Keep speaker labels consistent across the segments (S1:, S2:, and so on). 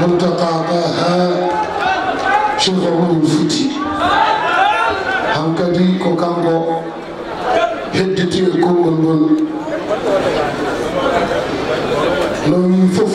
S1: متقاضاها شيخ عمر الفوتي han kadi ko kanko hedditi e konngol ngol no wi fof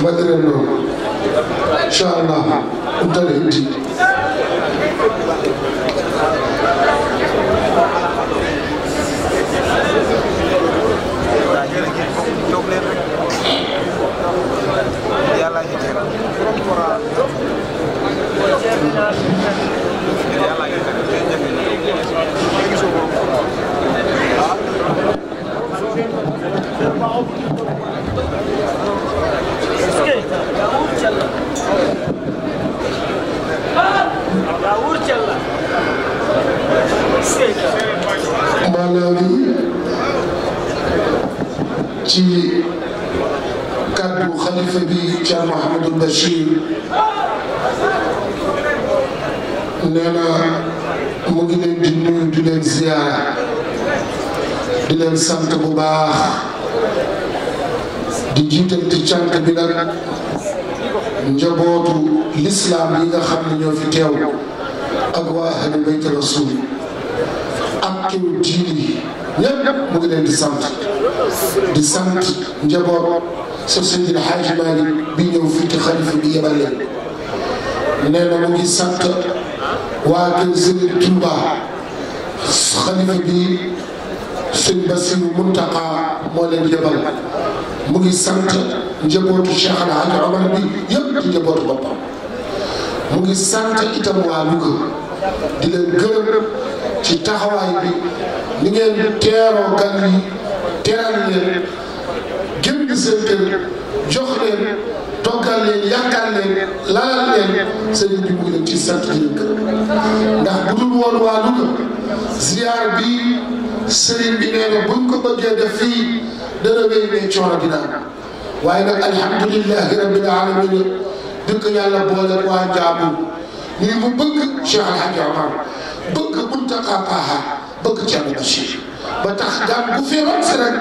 S1: mbaɗiren ɗon inchallah ɗum tan heddi Gracias. yàllaa ngi teel. ziyaara di leen sant bu baax di jiital ci cant bi nag njabootu lislaam yi nga xam ne ñoo fi teew ak waa ahlu bayt rasul ak këru diini ñëpp mu ngi leen di sant di sant njaboot sa Seydil Haaji Maalik bi ñëw fii ci xalifa bi yebal leen mu ngi sant waa kër Sëriñ Tuubaa xalifa bi sëñ Basiru Muntaqa moo leen yebal mu ngi sant njabootu Cheikh El Hadj Omar bi yëpp di boppam mu ngi sant itam waa Louga di leen gërëm ci taxawaay bi ni ngeen teeroo gan yi teral leen génn seen kër jox leen. toggal leen yàkkal leen lalal leen sëriñ bi mu leen ci sant di leen gërëm ndax bu dul woon waa Louga ziar bii sëriñ bi nee na buñ ko bëggee def fii dana wéy ne coono dina waaye nag alhamdulilahi rabbil alamin dëkk yàlla boole waa Njaabu ñuy mu bëgg Cheikh Alhaji Omar bëgg Muntaqa Taha bëgg Thierno Bachir ba tax jàmm bu feebar si rek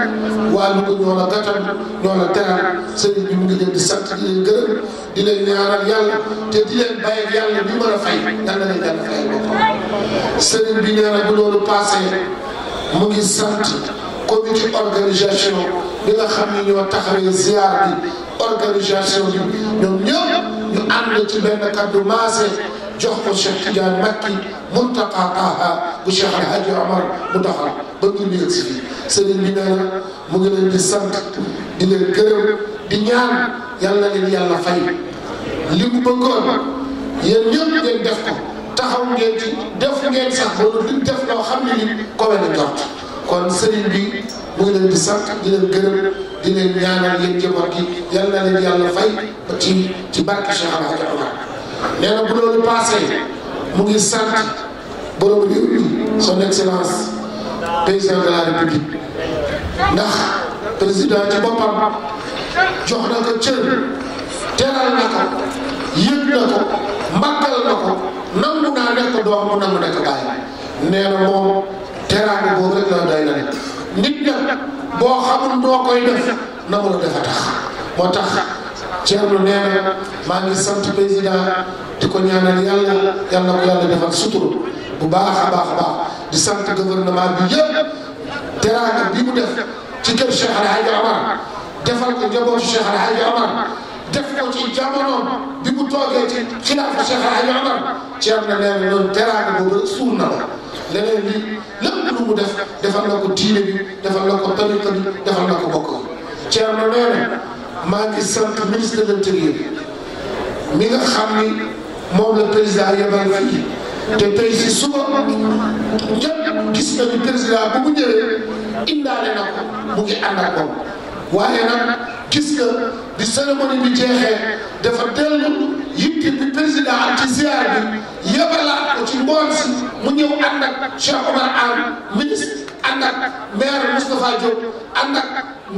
S1: waa Louga ñoo la gàttal ñoo la teral sëriñ bi mu ngi leen di sant di leen gërëm di leen ñaanal yàlla te di leen bàyyi ak yàlla ñu mën a fay yàlla lay yàlla fay boppam sëriñ bi nee na bu loolu passé mu ngi sant comité organisation bi nga xam ne ñoo taxawee ziar bi organisation bi ان عملية بين كادو ماسي جوحو الشيخ حجان مكي منتقى قاها بشيخ الحاج عمر مدهر بدل يتسفي سيدي البداية مجلل دي سنك دي ان دي نيان يلا يلا يلا فاي ليكو بكور يل يل يل دفكو تخاو جيتي دف جيت سخرو دي دف لو خمي لي كوين جوت كون سيدي مجلل دي سنك ان الكرم di leen ñaanal yéen njaboot gi yal na leen yàlla fay ba ci ci barke Cheikh El Hadj Omar nee na bu loolu passé mu ngi sant borom réew mi son excellence président de la république ndax président boppam jox na ko cër teral na ko yëg na ko màggal na ko nangu naa mu nangu nekk baay nee na moom teraanga boobu rek la doy na nit nag boo xamul noo koy def nangu la dafa tax moo tax Thierno nee na maa ngi sant président di ko ñaanal yàlla yàlla ko yàlla defal sutura bu baax a baax a baax di sant gouvernement bi yëpp teraanga bi mu def ci kër Cheikh El Hadj def ko ci jamono bi mu toogee ci xilaafu Cheikh El Hadj Omar Thierno nee na loolu teraanga boobu suur na la. leneen li lépp lu mu def defal na ko diine bi defal na ko tariqa bi defal na ko bokk Thierno nee na maa ngi sant ministre de l'intérieur mi nga xam ni moom la président yebal fii te tey si suba ñëpp gis nañu président bu mu ñëwee indaale na ko mu ak moom waaye nag gis nga. di cérémonie bi jeexee dafa dellu yitte bi président am ci ziar bi yebalaat ko ci si mu ñëw ànd ak Cheikh Omar Anne ministre ànd ak maire Moustapha Diop ànd ak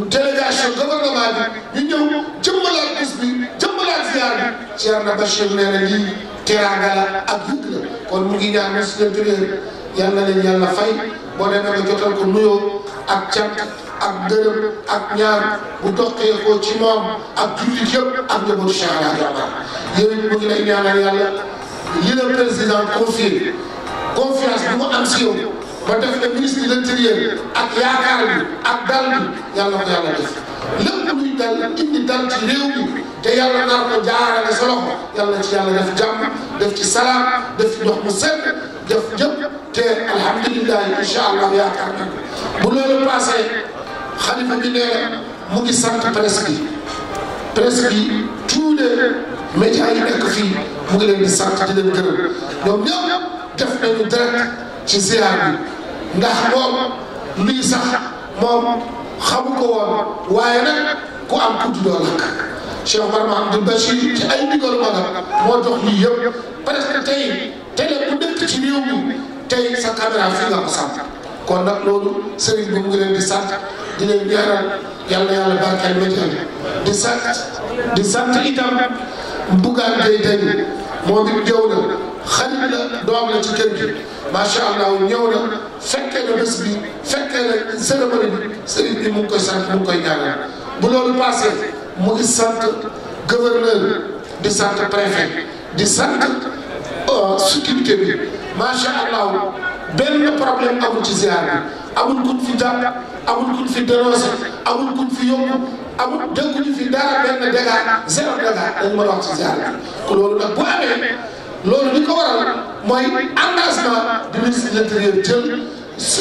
S1: délégation gouvernement bi ñu ñëw jëmbalaat bis bi jëmbalaat ziar bi Thierno Bachir nee na lii teraanga la ak yëg la kon mu ngi ñaan monsieur le maire yal na leen yàlla fay boo demee nga jotal ko nuyoo ak cant. ak ngërëm ak ñaan bu doqee ko ci moom ak jullit yëpp ak njabootu Cheikh Alhaji Omar yéen ñu ngi lay ñaanal yàlla la président confié confiance bu mu am si yow ba def le ministre de l'intérieur ak yaakaar bi ak dal bi yàlla ko yàlla def lépp luy dal indi dal ci réew mi te yàlla nar ko jaarale sa loxo yàlla ci yàlla def jàmm def ci salaam def ci mu set def jëpp te alhamdulilah incha allah yaakaar na bu loolu passé خليفة بنيرة موجي سانت برسكي برسكي طول مجاي نكفي موجي لين سانت تلين كرم يوم يوم دفن درك تزيادي نح مام ليزا مام خبوكو وانا كو ام كتو دولك شيخ عمر محمد البشير تي اي ديغول مالا مو دوخ ني ييب برسك تاي تاي بو دك تي نيوغي تاي سا كاميرا فيغا مسام كون نك لولو سيرين بو موغي لين دي سانت di leen ñaanal yàlla yàlla barkeel météo di sant di sant itam Bougane Gueye Dany moom it na xarit la doom la ci kër gi macha allah ñëw na fekkee na bés bi fekkee na cérémonie bi sëriñ bi mu ngi koy sant mu ngi koy ñaanal bu loolu passé mu ngi sant gouverneur di sant préfet di sant sécurité bi macha allah benn problème amul ci ziar bi. amul kuñ fi jàpp amul kuñ fi dérosé amul kuñ fi yóbbu amul dégguñu fi dara benn dégât zéro dégât dañ ma wax ci ziar bi loolu nag bu amee loolu li ko waral mooy engagement du ministre de l'intérieur jël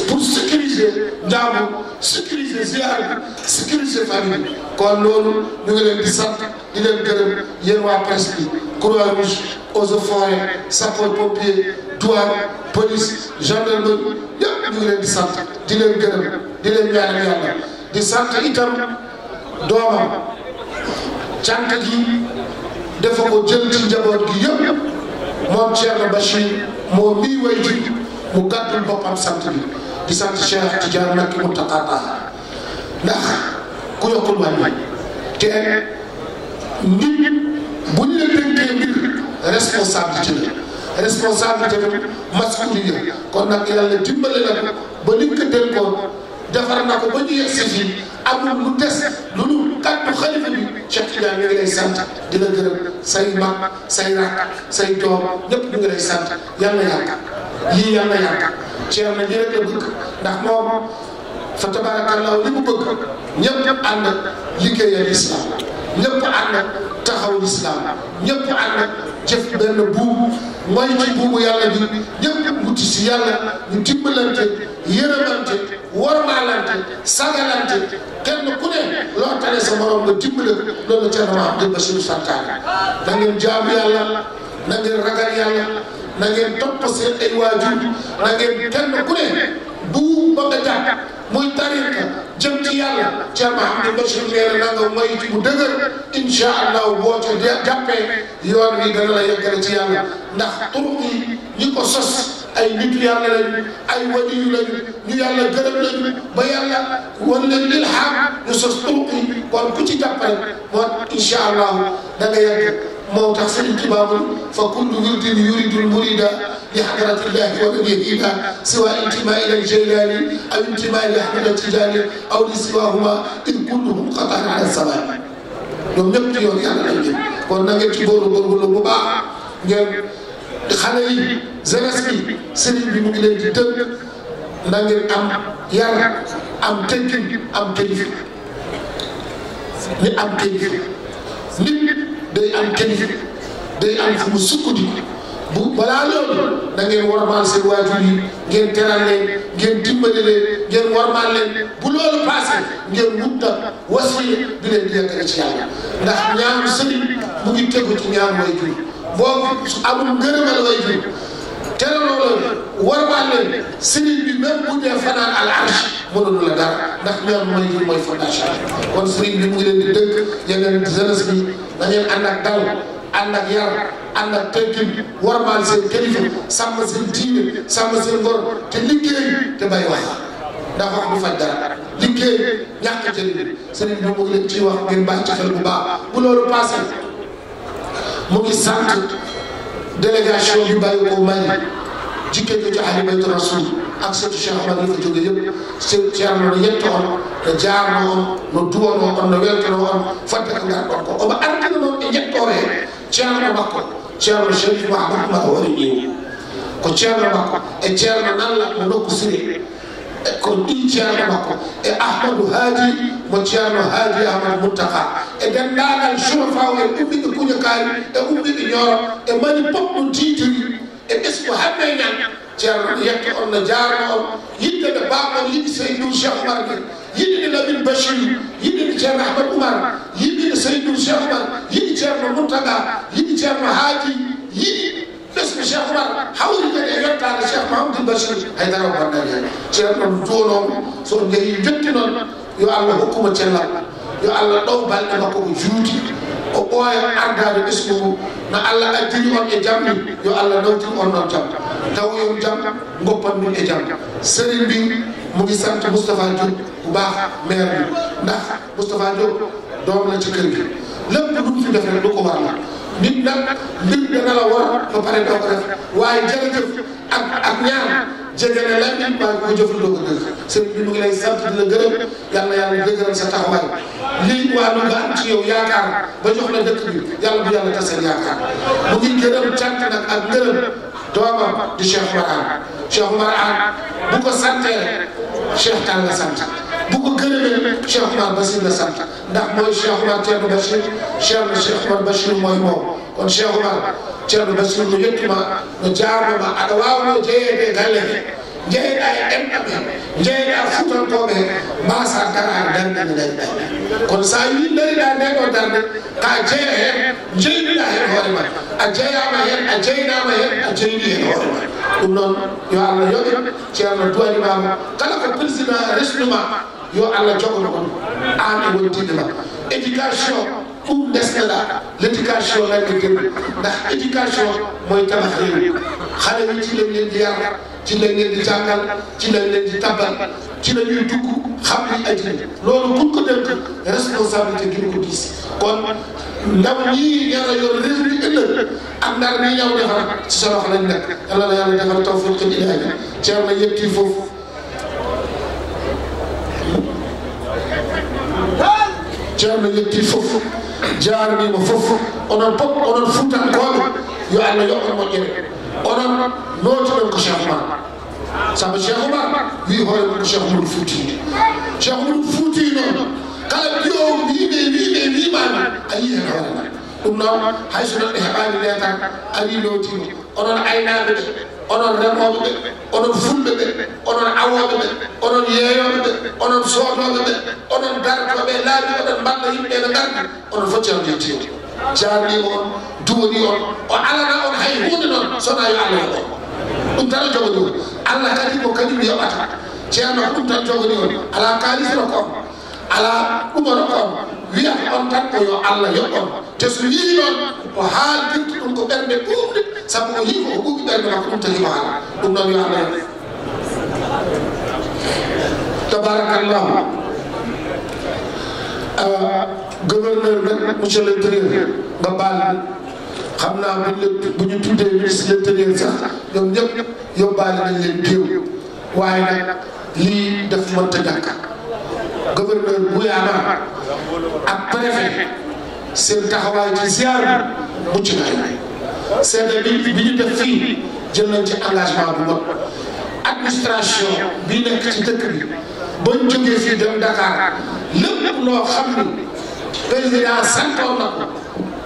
S1: pour sécuriser Njaago sécuriser ziar bi sécuriser famille bi kon loolu ñu ngi leen di sant di leen gërëm yéen waa presse bi Croix-Rouge eaux et forêts sapeurs-pompiers douane police gendarmerie yëpp ñu ngi leen di sant di leen gërëm di leen ñaanal yàlla di sant itam doomam cànq gi dafa ko jël ci njaboot gi yëpp moom Thierno Bachir moo mii way ji mu gàddul boppam sant bi di sant Cheikh Tidiane Mbacké Mountakha Tall ndax ku yokkul wàññi te nit bu ñu la dénkee mbir responsabilité la responsabilité la kon nag yàlla dimbale la ba liñ ko dénkoon defar na ko ba ñu yegsi fii amul lu des lu nu kàddu xalifa bi Cheikh Tidiane ñu ngi lay sant di la gërëm say mag say rakk say doom ñëpp ñu ngi lay sant yàlla yàlla. lii yàlla yàgg Thierno lii rek la bëgg ndax moom fa tabaarakallaahu li mu bëgg ñëpp ànd liggéeyal islam ñëpp ànd taxaw islam ñëpp ànd jëf benn buubu mooy ci buubu yàlla bi ñëpp mucc si yàlla ñu dimbalante yërëmante warmaalante sagalante kenn ku ne loo sa morom nga dimbale loolu la Thierno Mouhamadou Bachir santaane na ngeen jaamu yàlla na ngeen yàlla. na ngeen topp seen ay waajur na ngeen kenn ku ne bu bëgg a jàpp muy tariqa jëm ci yàlla Cheikh Mahamadou Bachir nee na nga may ci bu dëgër incha allahu boo ci jàppee yoon wi dana la yeggale ci yàlla yi ko sos ay nitu yàlla lañu ay waliyu lañu ñu yàlla gërëm ba yàlla wan leen lil xaam sos turuq yi ku ci jàppale moo incha allahu da nga موت حسن كباب فكل ولد يريد المريد لحضرة الله وبنيهما سوى انتماء إلى الجيلان أو انتماء إلى أحمد التجان أو لسواهما إن كل منقطع على السماء لم يبقي يوم يعلم الإنجيل كنا نجيبون بربو لبوبا نجيب خلي زلسكي سنين بمكنين جدا نجيب أم يارك أم تنكين أم تنفين لأم تنفين day am kilifa day am fu mu sukkandiku bu balaa loolu da ngeen warmaal seen waajur yi ngeen teral leen ngeen dimbali leen ngeen warmaal leen bu loolu passé ngeen wut nag wasiya bi leen di yegg ci yàlla ndax ñaanu sëriñ mu ngi tegu ci ñaanu waajur boobu su amul ngërëmal waajur teraloo leen warmaal leen sëriñ bi même bu dee fanaan al mënuñu la dara ndax ñoom mooy li mooy fondation mu ngi leen di dëkk yéen leen jeunesse bi da ngeen ànd ak dal ànd ak yar ànd ak teggin warmaal seen kilifa sàmm seen diine sàmm seen ngor te liggéey te bàyyi waay ndax wax du faj dara liggéey ñàkk jëriñ sëriñ bi mu ngi leen ciy wax ngeen bàyyi ci xel bu baax bu loolu passé mu ngi sant délégation bi bàyyi ko Mali jikkee ko ci Alimatu Rasul ak surtout cheikh ahmad yi fa jóge yëpp si ceerno no yetto on no jaarno on no duwano on no weltono on fodde ko ngar ɗon ko omo ardina noon e yettore ceerno makko ceerno chérif mahamad ma wari ƴeew ko ceerno makko e ceerno nalla no nokku siri ko ɗi ceerno makko e ahmadou haadi mo ceerno haadi ahmad moutaka e denndaangal sumafaw e ummiɓe kuñakaari e ummiɓe ñoro e mani pop no tiitiri e ɓesgo hamme ñan ceerno yetto on no jaarno on yiɗde nde ba on yiɗi seydou cheikh oumar guel yiɗi nde lamin bachir yiɗi nde ceerno ahmad oumar yiɗi nde seydou cheikh oumar yiɗi ceerno moutaga yiɗi ceerno haaji yiɗi ɓesde cheikh oumar hawriɗen e yettade cheikh mahamadoul bachir haydara o gonɗani hen ceerno no duwonomo so jeehi jotti noon yo allah hokkuma cellal yo allah ɗow balɗe makko ko juuti o ɓooya ardade ɓesgu ngu no allah addiri on e jamɗi yo allah nawtin on noon jamɗa taw yow jàmm ngoppan mu ngi e jàmm sëriñ bi mu ngi sant Moustapha Diop bu baax maire bi ndax Moustapha Diop doom la ci kër gi lépp lu mu fi def ko war la nit nag nit dana la war ba pare doo ko def waaye jërëjëf ak ak ñaar jege ne lan it maa ngi ko jëfandoo ko dëgg sëriñ bi mu ngi lay sant di la gërëm yàlla yàlla dëgëral sa taxawaay
S2: lii waa lu nga am ci
S1: yow yaakaar ba jox la dëkk bi yàlla bu yàlla tasal yaakaar mu ngi gërëm cant nag ak gërëm. doomam di Cheikh Oumar Anne Cheikh Oumar Anne bu ko santee Cheikh Tall la sant bu ko gërëmee Cheikh Oumar Bachir la sant ndax mooy Cheikh Oumar Thierno Bachir Cheikh Cheikh Oumar mooy moom kon Cheikh Oumar Thierno Bachir no yettuma no jaarnoma aɗa waawno jeeyede galle he jeyɗa e ɗemɗo ɓe jeyɗa futantoɓe mbasa tan a darde nde dañɗa kono sa wi dañɗa nde ɗo darde ka jeeya hen jeyɗiɗa hen hoore ma a jeeyama hen a jeynama hen a jeyɗi hen hoore ma ɗum noon yo allah yoɓe ceerno duwanimama kala ko président resnuma yo allah jogono on an e wontiɓe ma éducation ɗum ndesɗeɗa l' éducation nande dirɗe ndax éducation moye tabax rewi haɗa wicci len len ndiyar ci lañ leen di jàngal ci lañ leen di tabbal ci la ñuy dugg xam li addina loolu buñ ko dénk responsabilité gi ñu ko diis kon ndaw ñii yàlla yor réew mi ëllëg ak ndar mi yow defar ci sa loxo lañ nekk yàlla la yàlla defal tawfiq ilaahi ceer na yëpp foofu ceerno yetti fof jaarnima fof onon pop onon fuutankoɓe yo allah yoɓan moƴƴere onon nootiɗon ko cheikh oumar saabu cheikh oumar wi hoore mum ko cheikh oumar fouti cheikh oumar fouti noon kala mbiyowo mbiɓe wiɓe wimami a yii hen hoore ma ɗum noon hayso neɗɗo heɓani neta ari lowtino onon aynaɓe ɓe onon remoɓe ɓe onon fulɓe ɓe onon awoɓe ɓe onon yeeyoɓe ɓe onon sodoɓe ɓe onon dartoɓe laabi onon mballa yimɓe ne gardi onon foti on jaabni on duwoni on o alana on hay hunde noon sona yo allah heɓon ɗum tan o jogani on allah kadi ko kañum yoɓata ceerno ko ɗum tan jogani on ala kalisro ko ala ɗumoro ko wiyata on tan ko yo allah yoɓ on te so yii ɗon o haaldirta ɗum ko ɓernde ɓuuɓde sabu o yii ko o ɓuuɓi ɓernde makko ɗum tagi o haala ɗum noon yo allah heɓ tabarakallahu gouverneur nag monsieur l' intérieur nga baal xam naa buñ la bu ñu tuddee ministre l' intérieur sax ñoom ñëpp yóbbaale nañ leen géew waaye nag lii daf mënta ñàkk gouverneur Bouyama ak préfet seen taxawaay ci ziar bi mucc na seede bi bi ñu def fii jël nañ ci engagement bu mag administration bi nekk ci dëkk bi bañ jógee fii dem Dakar lépp loo xam ni président santoon na ko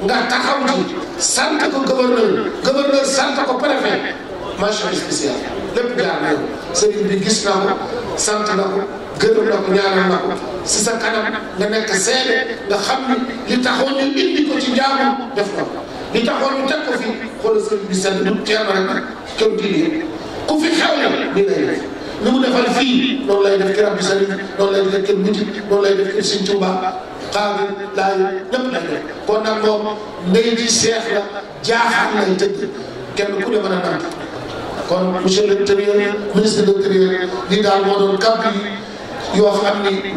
S1: nga taxaw ci sant ko gouverneur gouverneur sant ko préfet mention spéciale lépp jaar na yow sëriñ bi gis na ko sant na ko gërëm na ko ñaanal na ko si sa kanam nga nekk seede nga xam ni li taxoon ñu indi ko ci njaamu def na ko li taxoon ñu teg ko fi xoolal sëriñ bi sant du teel rek kër gi fi xew la li li mu defal fii loolu lay def ki rabbi sëriñ loolu lay def kër muti loolu lay def kër sëriñ Tuuba xaaral laay ñëpp lay def kon nag moom ndey di seex la jaaxaan lay tëdd kenn ku ne mën a nàmp kon monsieur le intérieur ministre de l'intérieur lii daal moo doon kàddu yi yoo xam ni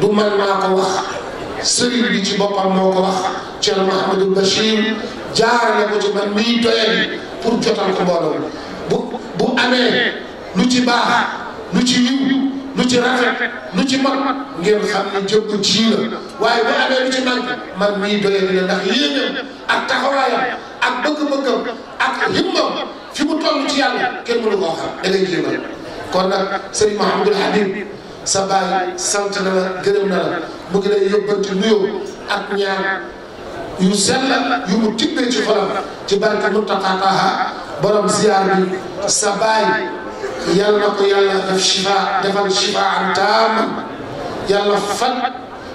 S1: du man maa ko wax sëriñ bi ci boppam moo ko wax Thierno Mouhamadou Bachir jaarale ko ci man mii doyal pour jotal ko mbooloo bu bu amee. lu ci baax lu ci yiw lu ci rafet lu ci mag ngeen xam ne jëmm ji la waaye bu amee lu ci nag man mii doyal na ndax ak taxawaayam ak bëgg-bëggam ak himmam fi mu toll ci yàlla kenn mënu koo xam da ngay jéemal kon nag sëriñ Mahamadul Habib sa baay sant na la gërëm na la mu ngi lay yóbbanti nuyoo ak ñaan yu sell yu mu tibbee ci xolam ci barke Muntaqa bi sa yal na ko yàlla def shifa defal shifa an taaman yàlla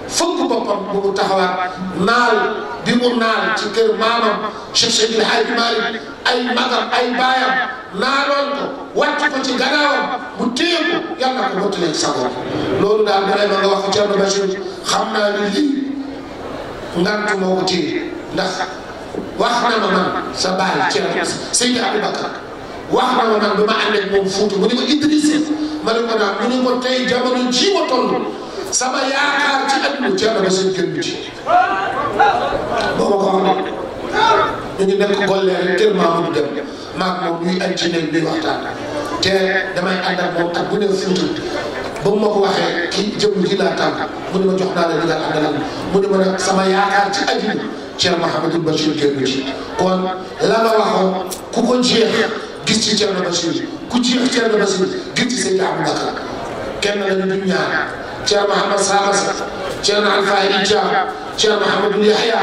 S1: fukk boppam bu mu taxawaat naal bi mu naal ci kër maamam Cheikh Seydi El Hadji Malick ay magam ay baayam naaloon ko wàcc ko ci gannaawam mu téye ko ko mottaleeg sa bopp loolu daal da ma nga wax Thierno Bachir xam naa ni lii ngantu moo ko ndax wax na ma man sa baay Thierno Seydi Aboubacar wax ma la nag bi ma ànd moom Fuuta mu ne ma Idrissa ma ne ko daal mu ne ko tey jamono ji ma sama yaakaar ci àdduna ñu ngi nekk Gollé rek tellement mu dem maag moom ñuy añ ci nekk ñuy waxtaan ma ko waxee mu ne ma jox naa la li mu ne ma sama yaakaar ci àdduna Thierno Mouhamadou Bachir Kër Mouti kon la ma waxoon ku ko jeex. جيتي تيانا بشير كوتي تيانا بشير جيتي سيدي عبد البكر كان الدنيا تيانا محمد صالح تيانا الفاهي جا تيانا محمد يحيى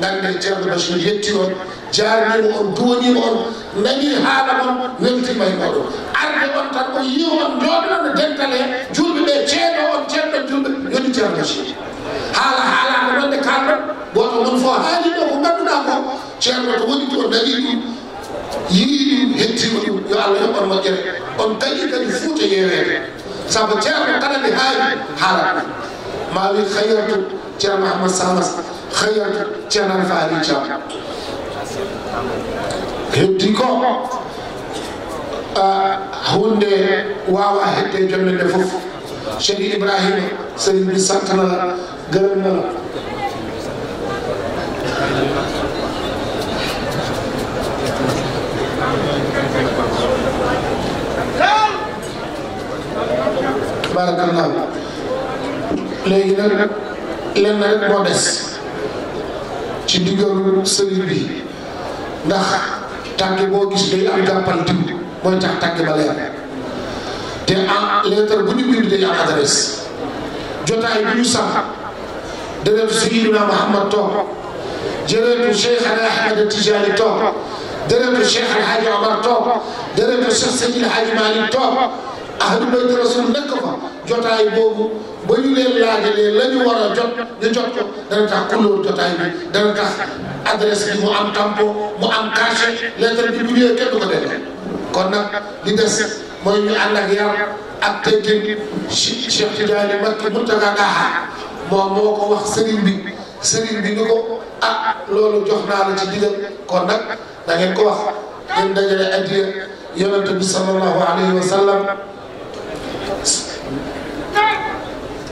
S1: نعم تيانا بشير يتي اون جاري اون دوني اون نجي حالا اون نمتي ماي مارو عرض اون تاكو يو اون دوني اون دنتالي جوبي بي تيانا اون تيانا جوبي يدي تيانا بشير حالا حالا اون دي كارب بوتو من فوق هاي دي بوتو من فوق تيانا بوتو من yii ɗin hettima ɗum yo allah yoɓan moƴƴere on dañi kadi fuuta yeweede saabu ceerno kala nde haawi haalat ɗum ma wi hayyatu ceerno ahmad samas hayyatu ceerno alfa ali thiam heddi ko ah, hunde wawa hedde jomde nde fof cheikh ibrahima sëriñ bi sant na la gërëm na بارك الله لكن لن نقدس تدقر سريبي نخ تاكي بو كيس دي أمكا بانتو بو تاك تاكي بالي تي أم لتر بني بني دي أم أدرس جوتا إبنوسا دلف سيدنا محمد تو جلت الشيخ علي أحمد التجاري تو دلت الشيخ الحاج عمر تو دلت الشيخ سيد الحاج مالي تو ahlu bayti rasul nekk fa jotaay boobu ba ñu leen laajalee la ñu war a jot ñu jot ko dana tax kulóor jotaay bi dana tax adresse bi mu am tampon mu am cachet lettre bi bu ñëwee kenn du ko ak moo ko wax sëriñ bi sëriñ bi ni ko ah loolu jox naa la ci ko nag da ngeen ko wax ngeen dajale addiya yonente bi sallallahu alayhi wa